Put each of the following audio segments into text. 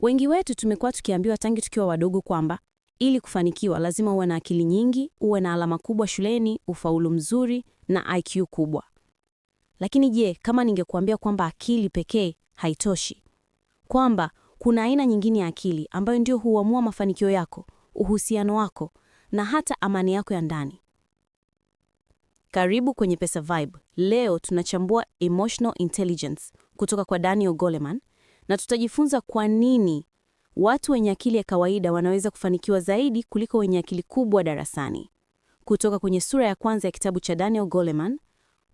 Wengi wetu tumekuwa tukiambiwa tangu tukiwa wadogo kwamba ili kufanikiwa lazima uwe na akili nyingi, uwe na alama kubwa shuleni, ufaulu mzuri na IQ kubwa. Lakini je, kama ningekuambia kwamba akili pekee haitoshi, kwamba kuna aina nyingine ya akili ambayo ndio huamua mafanikio yako, uhusiano wako na hata amani yako ya ndani? Karibu kwenye Pesa Vibe. Leo tunachambua emotional intelligence kutoka kwa Daniel Goleman na tutajifunza kwa nini watu wenye akili ya kawaida wanaweza kufanikiwa zaidi kuliko wenye akili kubwa darasani, kutoka kwenye sura ya kwanza ya kitabu cha Daniel Goleman,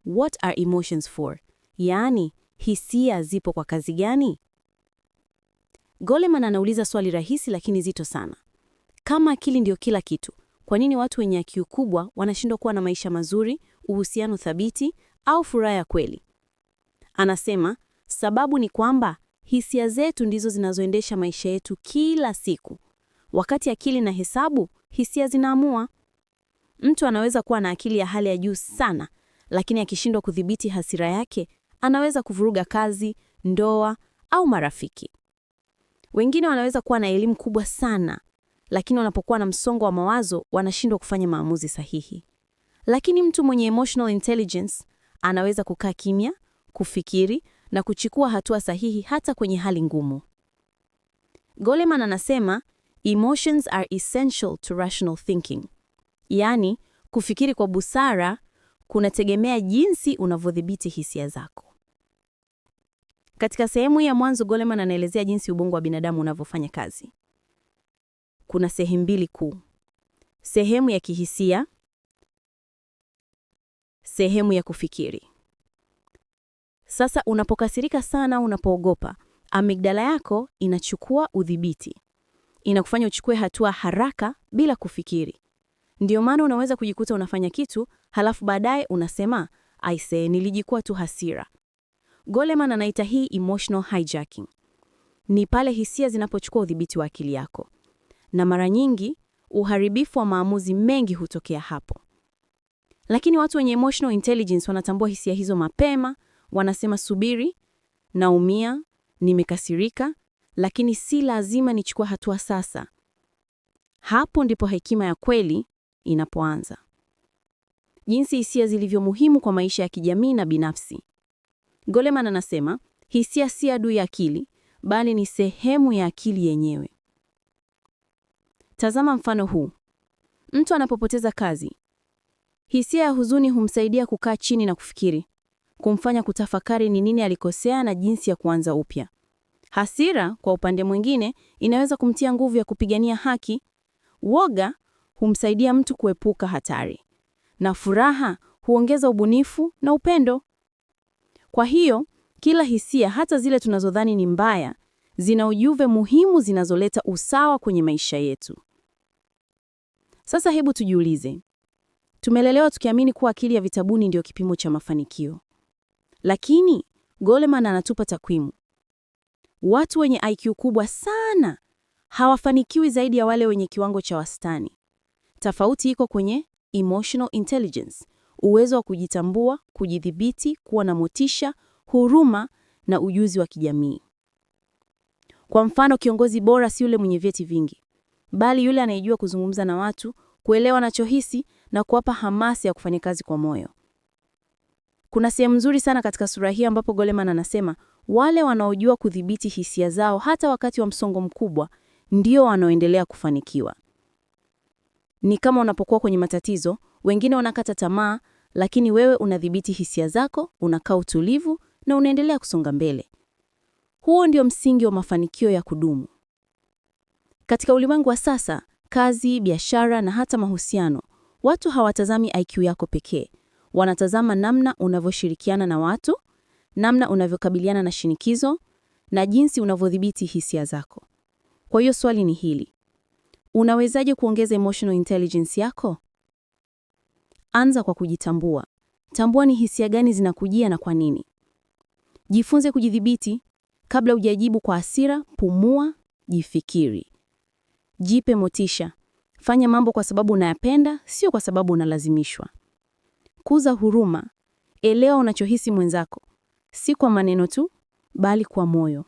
What are emotions for? Yaani, hisia zipo kwa kazi gani? Goleman anauliza swali rahisi lakini zito sana. Kama akili ndiyo kila kitu, kwa nini watu wenye akili kubwa wanashindwa kuwa na maisha mazuri, uhusiano thabiti au furaha ya kweli? Anasema sababu ni kwamba Hisia zetu ndizo zinazoendesha maisha yetu kila siku, wakati akili na hesabu, hisia zinaamua. Mtu anaweza kuwa na akili ya hali ya juu sana, lakini akishindwa kudhibiti hasira yake, anaweza kuvuruga kazi, ndoa au marafiki. Wengine wanaweza kuwa na elimu kubwa sana, lakini wanapokuwa na msongo wa mawazo, wanashindwa kufanya maamuzi sahihi. Lakini mtu mwenye emotional intelligence anaweza kukaa kimya, kufikiri na kuchukua hatua sahihi hata kwenye hali ngumu. Goleman anasema emotions are essential to rational thinking, yaani kufikiri kwa busara kunategemea jinsi unavyodhibiti hisia zako. Katika sehemu ya mwanzo, Goleman anaelezea jinsi ubongo wa binadamu unavyofanya kazi. Kuna sehemu mbili kuu: sehemu ya kihisia, sehemu ya kufikiri. Sasa unapokasirika sana, unapoogopa, amigdala yako inachukua udhibiti, inakufanya uchukue hatua haraka bila kufikiri. Ndio maana unaweza kujikuta unafanya kitu halafu baadaye unasema aisee, nilijikuwa tu hasira. Goleman anaita hii emotional hijacking. Ni pale hisia zinapochukua udhibiti wa akili yako, na mara nyingi uharibifu wa maamuzi mengi hutokea hapo. Lakini watu wenye emotional intelligence wanatambua hisia hizo mapema Wanasema subiri, naumia, nimekasirika, lakini si lazima nichukua hatua sasa. Hapo ndipo hekima ya kweli inapoanza. Jinsi hisia zilivyo muhimu kwa maisha ya kijamii na binafsi. Goleman anasema hisia si adui ya akili, bali ni sehemu ya akili yenyewe. Tazama mfano huu. Mtu anapopoteza kazi, hisia ya huzuni humsaidia kukaa chini na kufikiri, kumfanya kutafakari ni nini alikosea na jinsi ya kuanza upya. Hasira kwa upande mwingine inaweza kumtia nguvu ya kupigania haki. Woga humsaidia mtu kuepuka hatari, na furaha huongeza ubunifu na upendo. Kwa hiyo kila hisia, hata zile tunazodhani ni mbaya, zina ujumbe muhimu zinazoleta usawa kwenye maisha yetu. Sasa hebu tujiulize, tumelelewa tukiamini kuwa akili ya vitabuni ndiyo kipimo cha mafanikio. Lakini Goleman anatupa takwimu. Watu wenye IQ kubwa sana hawafanikiwi zaidi ya wale wenye kiwango cha wastani. Tofauti iko kwenye emotional intelligence, uwezo wa kujitambua, kujidhibiti, kuwa na motisha, huruma na ujuzi wa kijamii. Kwa mfano, kiongozi bora si yule mwenye vyeti vingi, bali yule anayejua kuzungumza na watu, kuelewa wanachohisi na kuwapa hamasa ya kufanya kazi kwa moyo. Kuna sehemu nzuri sana katika sura hii ambapo Goleman anasema wale wanaojua kudhibiti hisia zao hata wakati wa msongo mkubwa ndio wanaoendelea kufanikiwa. Ni kama unapokuwa kwenye matatizo, wengine wanakata tamaa, lakini wewe unadhibiti hisia zako, unakaa utulivu na unaendelea kusonga mbele. Huo ndio msingi wa mafanikio ya kudumu. Katika ulimwengu wa sasa, kazi, biashara na hata mahusiano, watu hawatazami IQ yako pekee, Wanatazama namna unavyoshirikiana na watu, namna unavyokabiliana na shinikizo na jinsi unavyodhibiti hisia zako. Kwa hiyo swali ni hili. Unawezaje kuongeza emotional intelligence yako? Anza kwa kujitambua. Tambua ni hisia gani zinakujia na kwa nini. Jifunze kujidhibiti kabla hujajibu kwa hasira, pumua, jifikiri. Jipe motisha. Fanya mambo kwa sababu unayapenda, sio kwa sababu unalazimishwa. Kuza huruma, elewa unachohisi mwenzako, si kwa maneno tu, bali kwa moyo.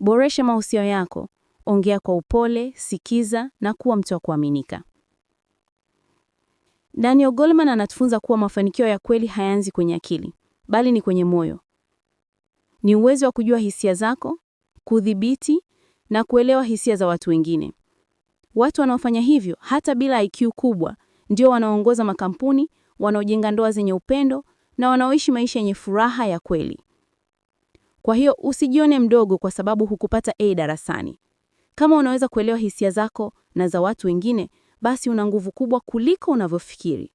Boresha mahusiano yako, ongea kwa upole, sikiza na kuwa mtu wa kuaminika. Daniel Goleman anatufunza kuwa mafanikio ya kweli hayaanzi kwenye akili, bali ni kwenye moyo. Ni uwezo wa kujua hisia zako, kudhibiti na kuelewa hisia za watu wengine. Watu wanaofanya hivyo hata bila IQ kubwa ndio wanaoongoza makampuni, wanaojenga ndoa zenye upendo na wanaoishi maisha yenye furaha ya kweli. Kwa hiyo usijione mdogo kwa sababu hukupata A darasani. Kama unaweza kuelewa hisia zako na za watu wengine, basi una nguvu kubwa kuliko unavyofikiri.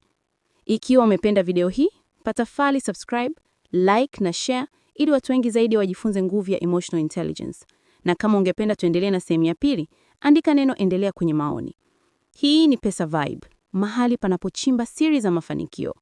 Ikiwa umependa video hii, patafali subscribe, like na share ili watu wengi zaidi wajifunze nguvu ya emotional intelligence. Na kama ungependa tuendelee na sehemu ya pili, andika neno endelea kwenye maoni. Hii ni Pesa Vibe mahali panapochimba siri za mafanikio.